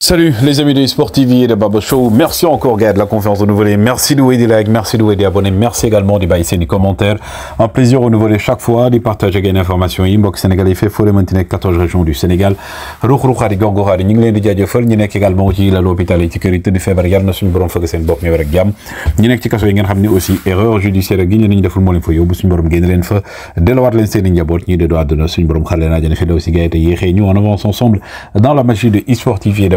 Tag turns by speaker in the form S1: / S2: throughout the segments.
S1: Salut les amis de Sport TV et de Babo Show. Merci encore Gad de la confiance renouvelée. Merci de des likes, merci de des abonnés, merci également de baisser des commentaires. Un plaisir renouvelé chaque fois de partager des informations. Inbox Sénégal fait Forêt Montenegro 14 régions du Sénégal. Rouk rouk hari gongo hari leen di également ci la l'hôpital et ci kër février. tëdd feebar yàlla na suñu borom fëgg seen bopp ñëw rek jàmm. ci yi aussi erreur judiciaire gi ñu deful moo leen suñu borom génn leen fa delluwaat leen seen i ñi de doit dina suñu borom xale naa aussi gaay te yéexee ñu en avance ensemble dans la magie de Sport TV et de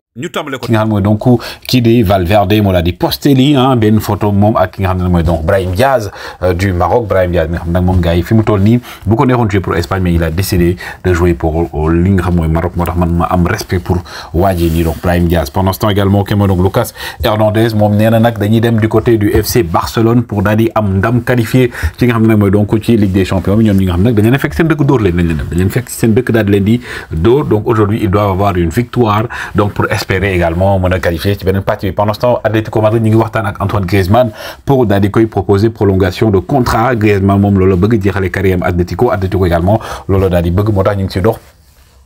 S1: ñu tàmbale ko ki nga xam ne donc kii di Valverde mo l'a di posté lii ah photo mom ak ki nga xam ne donc Brahim Diaz euh, du Maroc Brahim Diaz mi nga xam gars fi mu toll ni bu ko neexoon jouer pour Espagne mais il a décidé de jouer pour li nga xam Maroc motax man ma am respect pour waji ni donc Brahim Diaz pendant ce temps également ki mooy donc Lucas Hernandez moom nee nak dañuy dem du côté du FC Barcelone pour daal am ndam qualifié ci nga xam ne mooy donc ci Ligue des Champions ñom ñi nga xam nag dañ fekk seen deuk dóor leen dañu leen dem dañ leen fekk seen deuk daal di leen di dóor donc aujourd'hui il doit avoir une victoire donc pour espérer également mën a ci beneen pàcc pendant ce temps Atlético Madrid ñi ngi waxtaan ak Antoine Griezmann pour daal di koy proposer prolongation de contrat Griezmann mom lolo bëgg jeexale carrière Atlético Atlético également lolo daal di bëgg moo ngi dox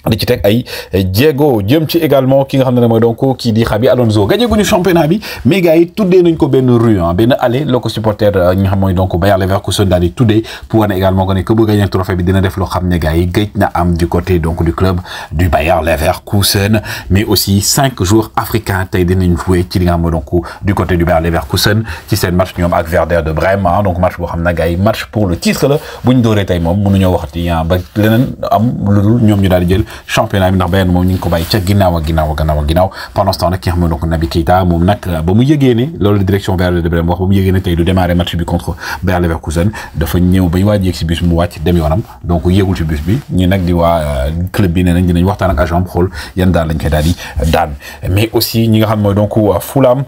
S1: di ci tek ay jéego jëm ci également ki nga xam moy donc ki di Xabi Alonso gagné guñu championnat bi mais gars yi tuddee nañ ko ben rue ben allée loko supporter euh, ñi nga xam mooy donc Bayer Leverkusen daal di tuddee pour wane également que ne bu gagné trophée bi dina def lo xam ne gars yi gëj na am du côté donc du club du Bayer Leverkusen mais aussi cinq joueurs africains tey dinañ jouer ci li nga moy donc du côté du Bayer Leverkusen ci seen match ñom ak Werder de Brême hein. donc match boo xamna ne gars yi match pour le titre la buñ ñu tay mom mënu ñu waxati hein, ba leneen am lu ñom ñu daal di jël championnat bi ndax Bayern moom ñu ngi ko bàyyi ca ginnaaw ak ginnaaw ak ginnaaw ak ginnaaw pendant ce temps nag ki nga xam ne ko Naby Keita moom nag euh, ba mu yëgee ne loolu direction Werder de brem wax ba mu yëgee ne tey du démarrer match bi contre Bayer Leverkusen dafa ñëw ba ñu waaj yéeg si bus mu wàcc dem yoonam donc yéegul ci bus bi ñi nag di waa euh, club bi nee nañ dinañ waxtaan ak agent am xool yan daal lañ koy daal di daan mais aussi ñi nga xam mooy donc Fulham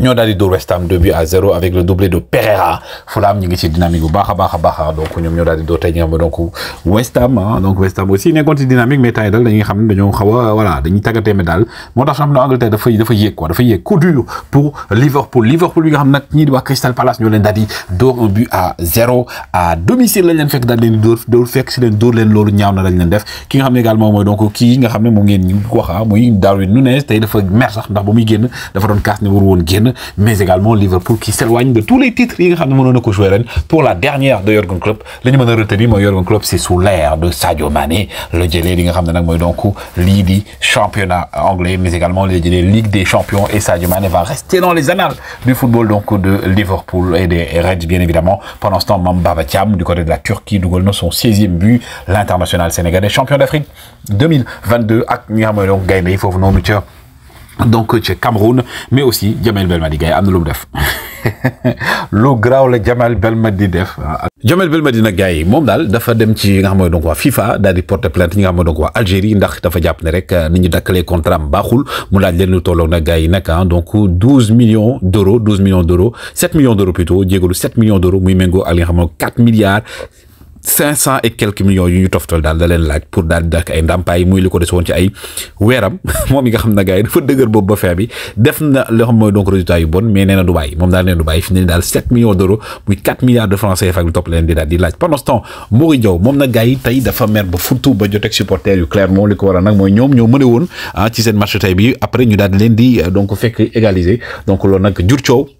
S1: ñoo daal di dóor West Ham 2 buts à 0 avec le doublé de Pereira Fulham ñi ngi ci dynamique bu baax a baax donc ñom ñoo daal di tay ñam donc West Ham donc West Ham aussi nekkoon ci dynamique mais temps yi dañuy xam ne dañoo xaw voilà dañuy tagaté mais dal motax xam championnat Angleterre dafa dafa yéeg quoi dafa yéeg coup dur pour Liverpool Liverpool yi nga xam nag ñii di waa Crystal Palace ñoo leen daal di dóor un but à 0 à domicile lañ leen fekk daal leen di dóor dóor fekk si leen dóor leen loolu ñaaw na lañ leen def ki nga xam ne également mooy donc ki nga xam ne mo ngeen ñu wax ah muy Darwin Nunez tey dafa mer sax ndax bu muy génn dafa doon kaas ne waru woon génn mais également Liverpool qui s'éloigne de tous les titres pour la dernière de Jurgen Klopp c'est sous l'ère de Sadio Mane Le jëlee championnat anglais mais également la Ligue des champions et Sadio Mane va rester dans les annales du football donc de Liverpool et des Reds bien évidemment pendant ce temps Mamba du côté de la Turquie nous na son sixième but l'international sénégalais champion d'Afrique 2022 ak faut nous donc chez Cameroun mais aussi Jamel Belmadi def ah, Jamel Belmadi def. Jamel Belmadi na dem ci nga donc FIFA da di porter plainte nga donc Algérie ndax dafa japp ne rek euh, ñu contrat am baaxul mu laaj lu ah, donc 12 millions d'euros, 12 millions d'euros, 7 millions d'euros, plutôt 7 7 millions d'euros 4 muy mengo milliards. cinq cent et quelques millions yu ñu toftal daal da leen laaj pour daal di dàkk ay ndàmpaay muy li ko des woon ci ay weeram moom yi nga xam ne gars yi dafa dëgër boobu ba fin bi def na loo xam mooy donc résultat yu bon mais nee na du bàyyi moom daal nee na du daal sept millions d'euros di daal di laaj pendant ce temps Mory Diaw moom nag gars tey dafa mer ba futtu ba joteeg supporter yu clair li ko waral nag mooy ñoom ñoo mëne woon ah, ci seen match tey bi après ñu daal di leen di euh, donc fekk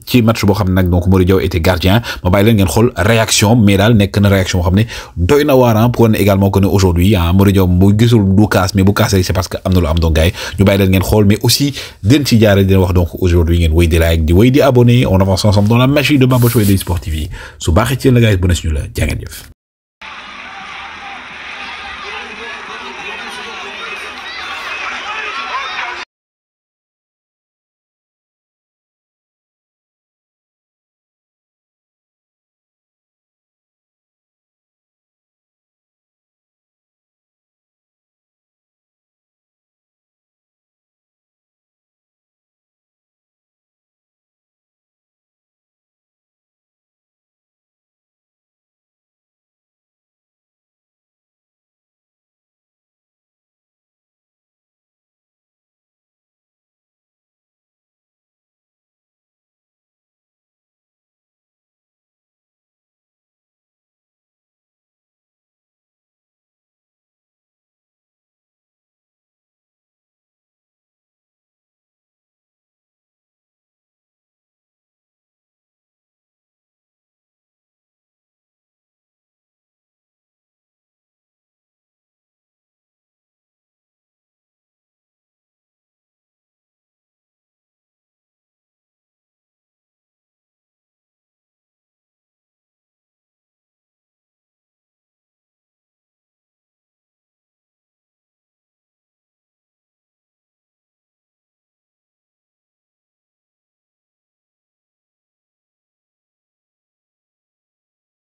S1: ci match bo xam nak donc Mody Diaw était gardien ma bàyyi leen ngeen xol réaction mais dal nek na réaction boo xam ne doy na waar hein, pour également que aujourd'hui ah Mody Diaw bu gisul du kaas mais bu casser c'est parce que amna na lu am donc gay ñu bàyyi leen ngeen xol mais aussi den ci jaar dina wax donc aujourd'hui ngeen way di like di way di abonné on avance ensemble dans la machine de Baba Show et des sportifs yi su baaxee ci la gars bonne bu ne la jaa jëf